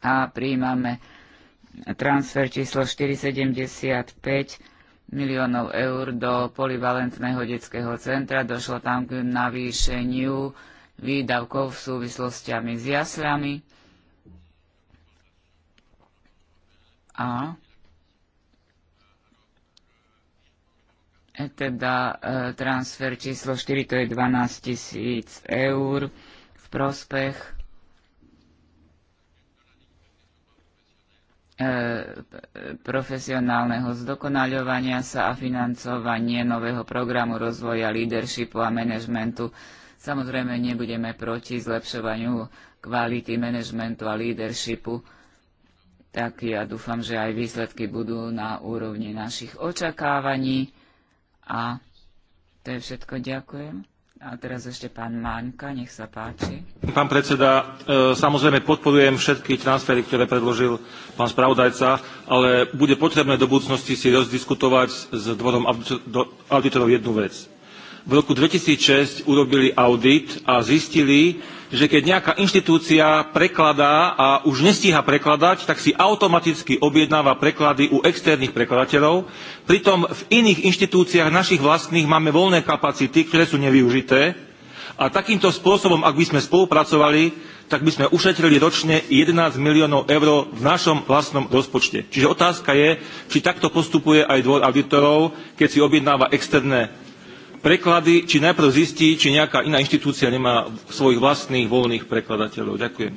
a príjmame transfer číslo 475 miliónov eur do polivalentného detského centra. Došlo tam k navýšeniu výdavkov v súvislostiami s jaslami. A e, teda e, transfer číslo 4, to je 12 tisíc eur v prospech E, profesionálneho zdokonaľovania sa a financovanie nového programu rozvoja leadershipu a manažmentu. Samozrejme, nebudeme proti zlepšovaniu kvality manažmentu a leadershipu, tak ja dúfam, že aj výsledky budú na úrovni našich očakávaní. A to je všetko. Ďakujem. A teraz ešte pán Maňka, nech sa páči. Pán predseda, e, samozrejme podporujem všetky transfery, ktoré predložil pán spravodajca, ale bude potrebné do budúcnosti si rozdiskutovať s dvorom auditorov jednu vec v roku 2006 urobili audit a zistili, že keď nejaká inštitúcia prekladá a už nestíha prekladať, tak si automaticky objednáva preklady u externých prekladateľov. Pritom v iných inštitúciách našich vlastných máme voľné kapacity, ktoré sú nevyužité. A takýmto spôsobom, ak by sme spolupracovali, tak by sme ušetrili ročne 11 miliónov eur v našom vlastnom rozpočte. Čiže otázka je, či takto postupuje aj dvor auditorov, keď si objednáva externé preklady, či najprv zistí, či nejaká iná inštitúcia nemá svojich vlastných voľných prekladateľov. Ďakujem.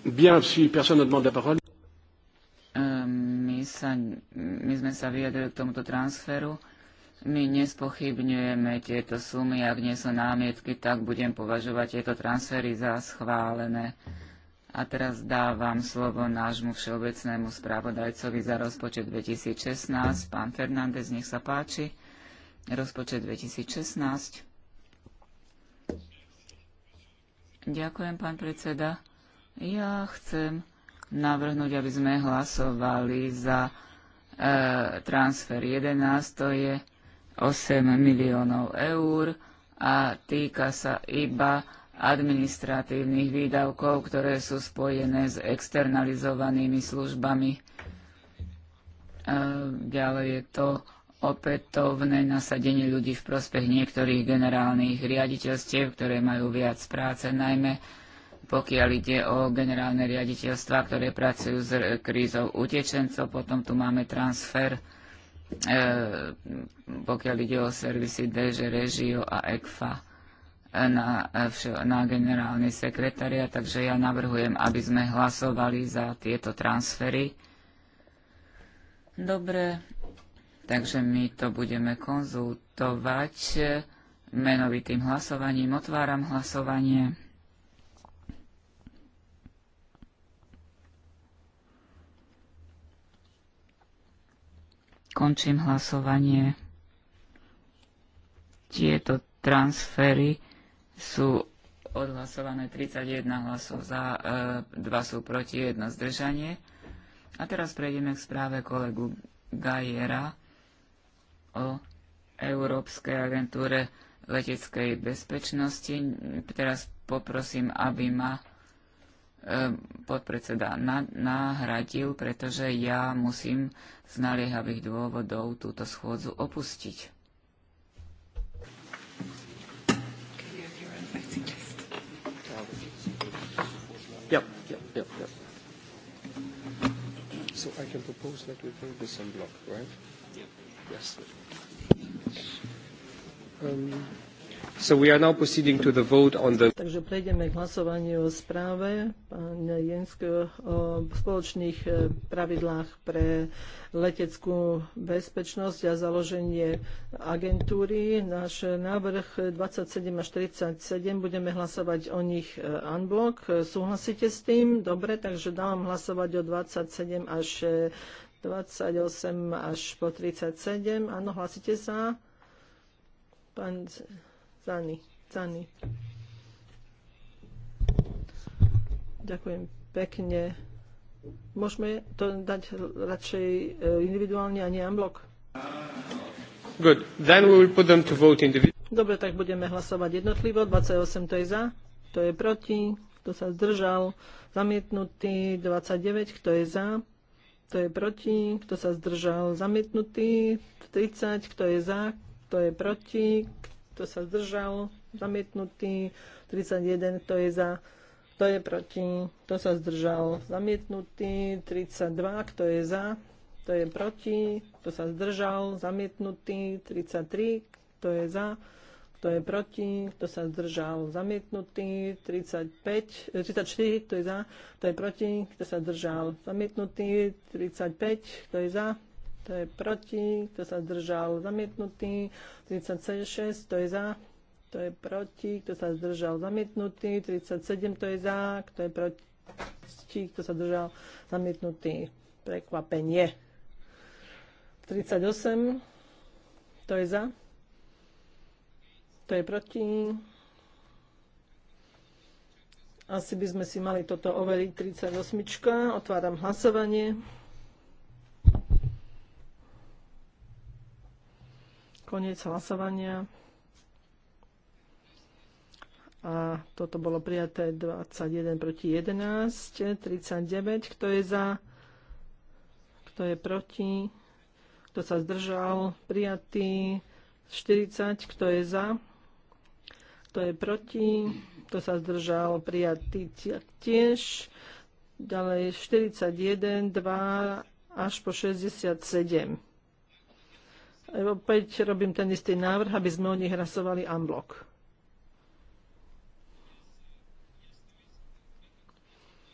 Bien, si personne demande la parole. Ehm, my, sa, my sme sa vyjadrili k tomuto transferu. My nespochybňujeme tieto sumy. Ak nie sú námietky, tak budem považovať tieto transfery za schválené. A teraz dávam slovo nášmu všeobecnému správodajcovi za rozpočet 2016. Pán Fernández, nech sa páči. Rozpočet 2016. Ďakujem, pán predseda. Ja chcem navrhnúť, aby sme hlasovali za e, transfer 11, to je 8 miliónov eur a týka sa iba administratívnych výdavkov, ktoré sú spojené s externalizovanými službami. E, ďalej je to opätovné nasadenie ľudí v prospech niektorých generálnych riaditeľstiev, ktoré majú viac práce, najmä pokiaľ ide o generálne riaditeľstva, ktoré pracujú s krízou utečencov. Potom tu máme transfer, e, pokiaľ ide o servisy DŽ, Regio a ECFA na, na generálny sekretária, takže ja navrhujem, aby sme hlasovali za tieto transfery. Dobre, takže my to budeme konzultovať menovitým hlasovaním. Otváram hlasovanie. Končím hlasovanie. Tieto transfery sú odhlasované 31 hlasov za, e, 2 sú proti, 1 zdržanie. A teraz prejdeme k správe kolegu Gajera o Európskej agentúre leteckej bezpečnosti. Teraz poprosím, aby ma e, podpredseda na, nahradil, pretože ja musím z naliehavých dôvodov túto schôdzu opustiť. Yep, yep, yep, yep. So I can propose that we vote this en block, right? Yep. Yes. Um, so we are now proceeding to the vote on the... Takže prejdeme k hlasovaniu o správe pána Jenského o spoločných e, pravidlách pre leteckú bezpečnosť a založenie agentúry. Náš návrh 27 až 37, budeme hlasovať o nich unblock. E, Súhlasíte s tým? Dobre, takže dávam hlasovať o 27 až 28 e, až po 37. Áno, hlasíte sa? Pán Zany. Zany. Ďakujem pekne. Môžeme to dať radšej eh, individuálne a nie unblock? Good. Then we will put them to vote individually. Dobre, tak budeme hlasovať jednotlivo. 28 to je za, to je proti, kto sa zdržal, zamietnutý. 29, kto je za, kto je proti, kto sa zdržal, zamietnutý. 30, kto je za, kto je proti, kto sa zdržal, zamietnutý. 31, kto je za, to je proti, to sa zdržal, zamietnutý. 32, kto je za, to je proti, kto sa zdržal, zamietnutý. 33, kto je za, kto je proti, kto sa zdržal, zamietnutý, 35, 34, kto je za, kto je proti, kto sa zdržal, zamietnutý, 35, kto je za, to je proti, kto sa zdržal zamietnutý, 36, to je za, to je proti, kto sa zdržal zamietnutý, 37, to je za, kto je proti, kto sa zdržal zamietnutý, prekvapenie. 38, to je za, to je proti. Asi by sme si mali toto overiť. 38. Otváram hlasovanie. Koniec hlasovania. A toto bolo prijaté 21 proti 11, 39. Kto je za? Kto je proti? Kto sa zdržal? Prijatý 40. Kto je za? Kto je proti? Kto sa zdržal? Prijatý tiež. Ďalej 41, 2 až po 67. Opäť robím ten istý návrh, aby sme o nich hlasovali unblock.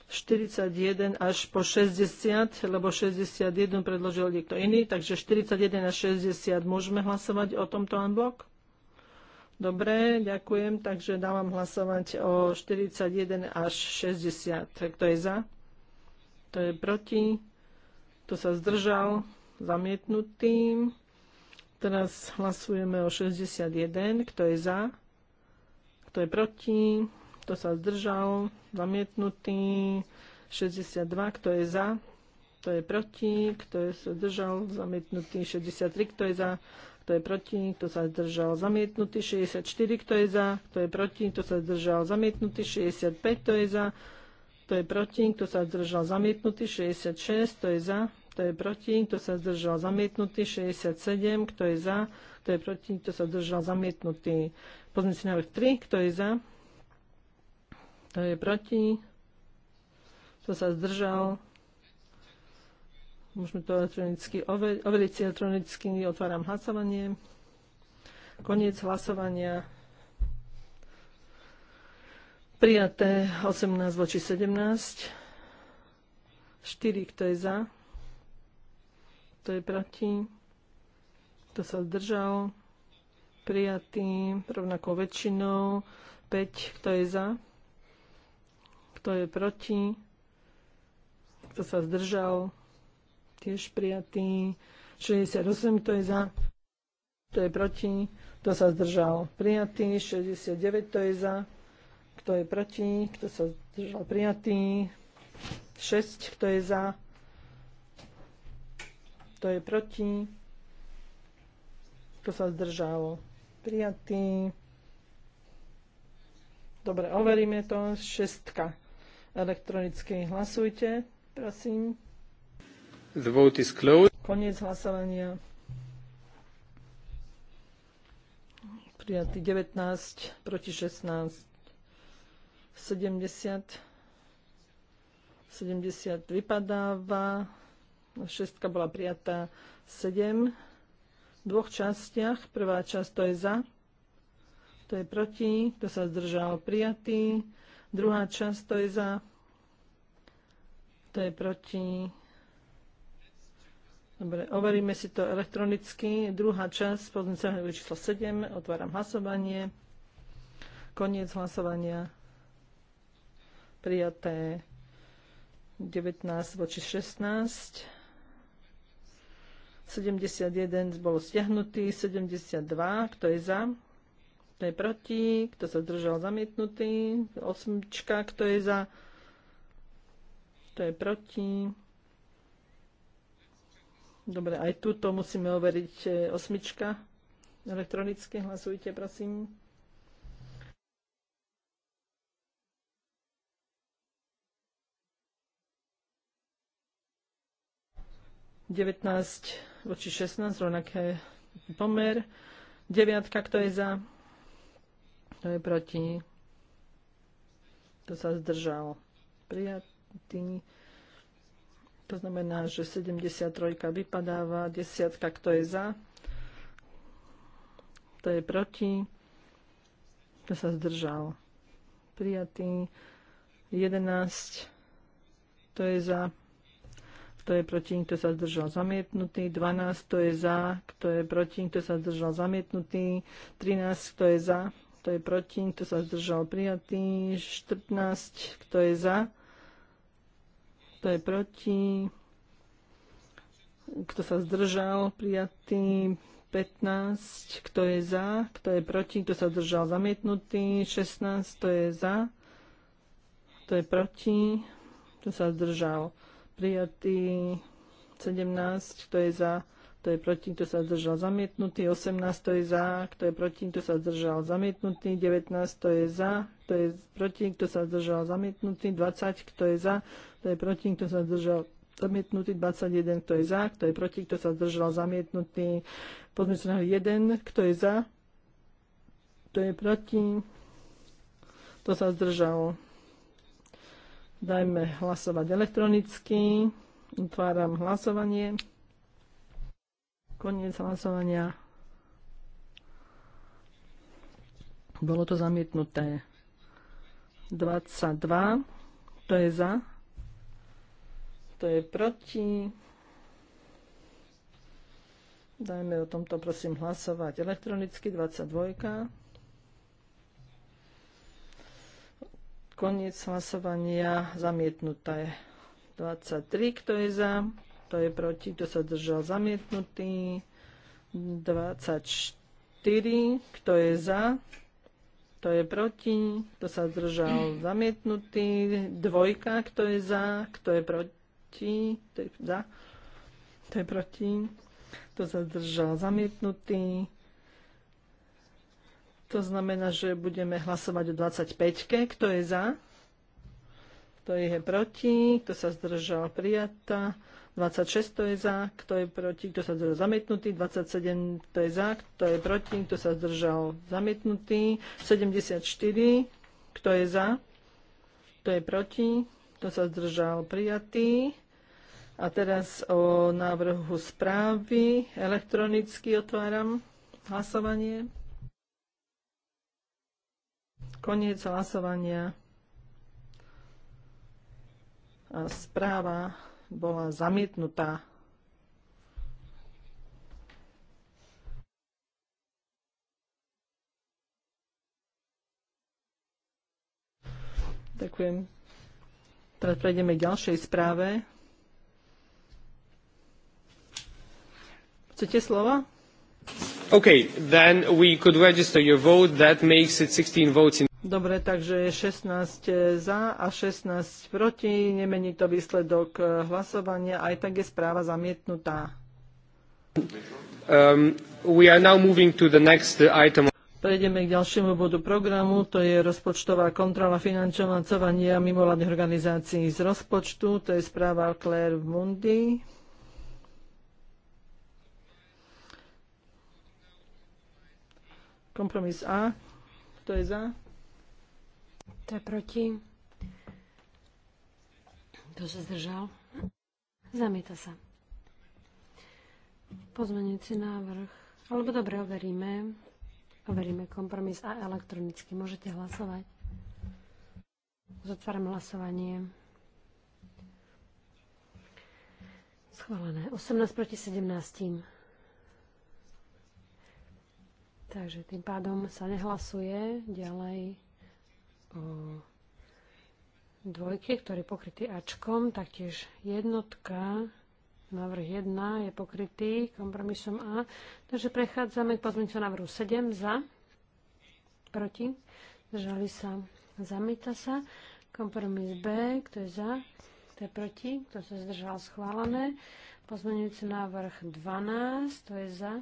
...41 až po 60, lebo 61 predložil niekto iný, takže 41 až 60 môžeme hlasovať o tomto unblock? Dobre, ďakujem, takže dávam hlasovať o 41 až 60. Kto je za? Kto je proti? Kto sa zdržal? Zamietnutým. Teraz hlasujeme o 61. Kto je za? Kto je proti? Kto sa zdržal? Zamietnutý. 62. Kto je za? Kto je proti? Kto je sa zdržal? Zamietnutý. 63. Kto je za? Kto je proti? Kto sa zdržal? Zamietnutý. 64. Kto je za? Kto je proti? Kto sa zdržal? Zamietnutý. 65. Kto je za? Kto je proti? Kto sa zdržal? Zamietnutý. 66. Kto je za? kto je proti, kto sa zdržal zamietnutý, 67, kto je za, kto je proti, kto sa zdržal zamietnutý. Pozmeňujúci návrh 3, kto je za, kto je proti, kto sa zdržal. Môžeme to elektronicky overiť, overiť si elektronicky, otváram hlasovanie. Koniec hlasovania. Prijaté 18 voči 17. 4, kto je za? kto je proti, kto sa zdržal, prijatý rovnakou väčšinou, 5, kto je za, kto je proti, kto sa zdržal, tiež prijatý, 68, kto je za, kto je proti, kto sa zdržal, prijatý, 69, kto je za, kto je proti, kto sa zdržal, prijatý, 6, kto je za, kto je proti? Kto sa zdržal? Prijatý. Dobre, overíme to. Šestka. Elektronicky hlasujte, prosím. The vote is closed. Koniec hlasovania. Prijatý 19 proti 16. 70. 70 vypadáva šestka bola prijatá 7 v dvoch častiach. Prvá časť to je za, to je proti, kto sa zdržal prijatý. Druhá časť to je za, to je proti. Dobre, overíme si to elektronicky. Druhá časť, sa číslo 7, otváram hlasovanie. Koniec hlasovania. Prijaté 19 voči 16. 71 bol stiahnutý, 72, kto je za, kto je proti, kto sa zdržal zamietnutý, 8, kto je za, kto je proti. Dobre, aj túto musíme overiť e, osmička. Elektronicky hlasujte, prosím. Devätnásť voči 16, rovnaké pomer. Deviatka, kto je za? Kto je proti? To sa zdržal? Prijatý. To znamená, že 73 vypadáva, desiatka, kto je za, To je proti, to sa zdržal. Prijatý. 11, To je za, kto je proti, kto sa zdržal zamietnutý, 12, kto je za, kto je proti, kto sa zdržal zamietnutý, 13, kto je za, kto je proti, kto sa zdržal prijatý, 14, kto je za, kto je proti, kto sa zdržal prijatý, 15, kto je za, kto je proti, kto sa zdržal zamietnutý, 16, kto je za, kto je proti, kto sa zdržal prijatý 17, kto je za, kto je proti, kto sa zdržal zamietnutý, 18, kto je za, kto je proti, kto sa zdržal zamietnutý, 19, kto je za, kto je proti, kto sa zdržal zamietnutý, 20, kto je za, kto je proti, kto sa zdržal zamietnutý, 21, kto je za, kto je proti, kto sa zdržal zamietnutý, pozmeňujúci 1, kto je za, kto je proti, kto sa zdržal Dajme hlasovať elektronicky. Utváram hlasovanie. Koniec hlasovania. Bolo to zamietnuté. 22. To je za. To je proti. Dajme o tomto prosím hlasovať elektronicky. 22. Koniec hlasovania zamietnuté. 23, kto je za, kto je proti, kto sa držal zamietnutý. 24, kto je za, kto je proti, kto sa zdržal zamietnutý. Dvojka, kto je za, kto je proti, kto je za, kto je proti, kto sa zdržal zamietnutý. To znamená, že budeme hlasovať o 25. Kto je za? Kto je proti? Kto sa zdržal? Prijata. 26, kto je za, kto je proti, kto sa zdržal zamietnutý, 27, kto je za, kto je proti, kto sa zdržal zamietnutý, 74, kto je za, kto je proti, kto sa zdržal prijatý. A teraz o návrhu správy. Elektronicky otváram hlasovanie. Koniec hlasovania. A správa bola zamietnutá. Ďakujem. Teraz prejdeme k ďalšej správe. Chcete slova? Okay, then we could register your vote. That makes it 16 votes in Dobre, takže 16 eh, za a 16 proti. Nemení to výsledok eh, hlasovania. Aj tak je správa zamietnutá. Um, we are now moving to the next item. Prejdeme k ďalšiemu bodu programu, to je rozpočtová kontrola financovania mimovládnych organizácií z rozpočtu, to je správa Claire Mundi. Kompromis A. Kto je za? Kto je proti? Kto sa zdržal? Zamieta sa. Pozmenujúci návrh. Alebo dobre, overíme. Overíme kompromis a elektronicky. Môžete hlasovať. Zatváram hlasovanie. Schválené. 18 proti 17. Takže tým pádom sa nehlasuje ďalej o dvojke, ktorý je pokrytý Ačkom, taktiež jednotka, návrh 1 je pokrytý kompromisom A. Takže prechádzame k pozmeňujúcemu návrhu 7 za, proti, zdržali sa, zamýta sa. Kompromis B, kto je za, kto je proti, kto sa zdržal schválené. Pozmeňujúci návrh 12, to je za,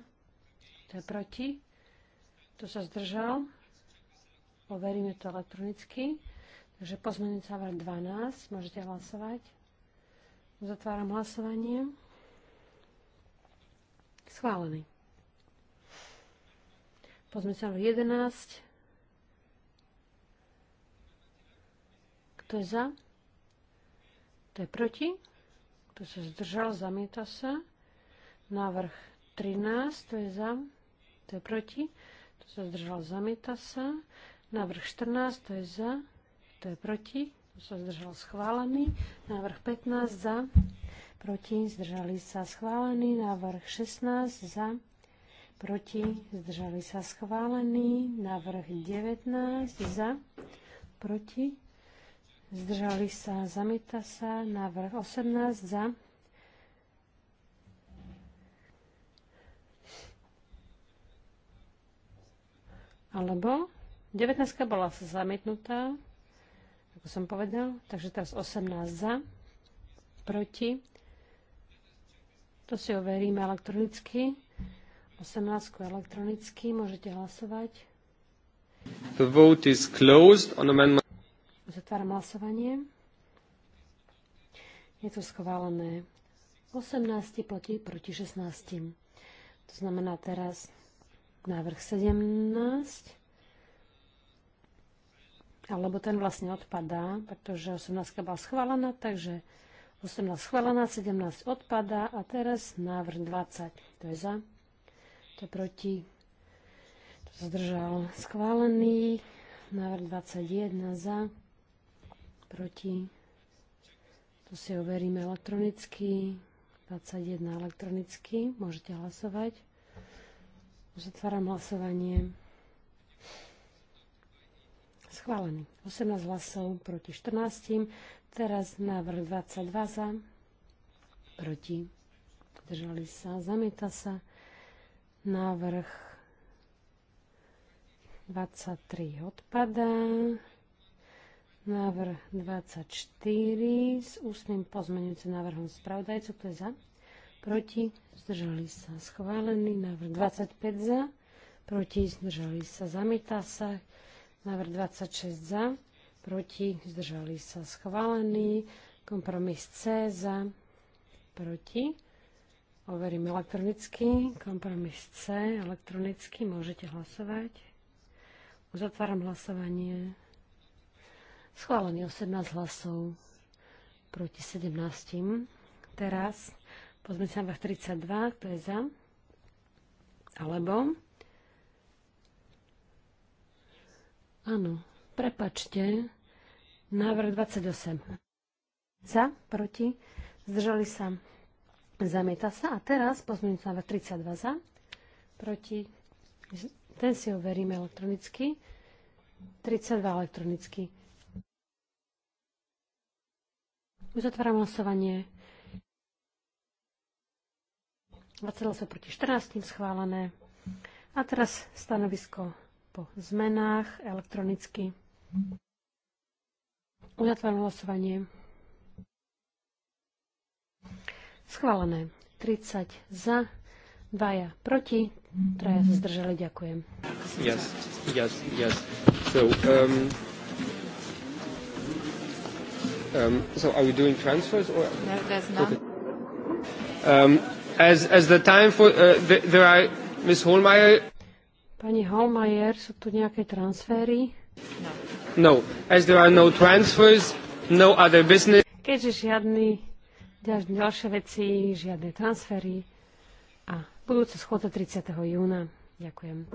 to je proti, kto sa zdržal? Overíme to elektronicky. Takže pozmeňujúci návrh 12. Môžete hlasovať. Zatváram hlasovanie. Schválený. Pozmeňujúci návrh 11. Kto je za? Kto je proti? Kto sa zdržal? Zamieta sa. Návrh 13. Kto je za? Kto je proti? kto sa zdržal, zamieta sa. Návrh 14, to je za, to je proti, kto sa zdržal, schválený. Návrh 15, za, proti, zdržali sa, schválený. Návrh 16, za, proti, zdržali sa, schválený. Návrh 19, za, proti, zdržali sa, zamieta sa. Návrh 18, za, Alebo 19 bola zamietnutá, ako som povedal, takže teraz 18 za, proti. To si overíme elektronicky. 18 elektronicky, môžete hlasovať. The vote is closed on amendment. Zatváram hlasovanie. Je to schválené 18 proti, proti 16. To znamená teraz návrh 17, alebo ten vlastne odpadá, pretože 18 bola schválená, takže 18 schválená, 17 odpadá a teraz návrh 20. To je za, to je proti, to zdržal schválený, návrh 21 za, proti, to si overíme elektronicky, 21 elektronicky, môžete hlasovať. Zatváram hlasovanie. Schválený. 18 hlasov proti 14. Teraz návrh 22 za. Proti. Držali sa. Zamieta sa. Návrh 23 odpadá. Návrh 24 s ústnym pozmenujúcim návrhom spravodajcu. Kto je za? proti, zdržali sa schválený, návrh 25 za, proti, zdržali sa, zamietá sa, návrh 26 za, proti, zdržali sa, schválený, kompromis C za, proti, overím elektronicky, kompromis C, elektronicky, môžete hlasovať. Uzatváram hlasovanie. Schválený 18 hlasov proti 17. Teraz Pozme sa návrh 32, kto je za. Alebo. Áno, prepačte. Návrh 28. Za, proti, zdržali sa, zamieta sa. A teraz sa návrh 32 za, proti, ten si overíme elektronicky. 32 elektronicky. Uzatváram hlasovanie. 28 proti 14 schválené. A teraz stanovisko po zmenách elektronicky. Uzatváram hlasovanie. Schválené. 30 za, 2 proti, 3 sa zdržali. Ďakujem. Yes, yes, yes. So, um, um, so are we doing transfers? Or? No, there's none. Okay. Um, As, as the time for, uh, there are, Holmeyer. Pani Holmeyer, sú tu nejaké transfery? No. no. As there are no transfers, no other business. Keďže žiadny, ďalšie veci, žiadne transfery a budúce schôdza 30. júna. Ďakujem.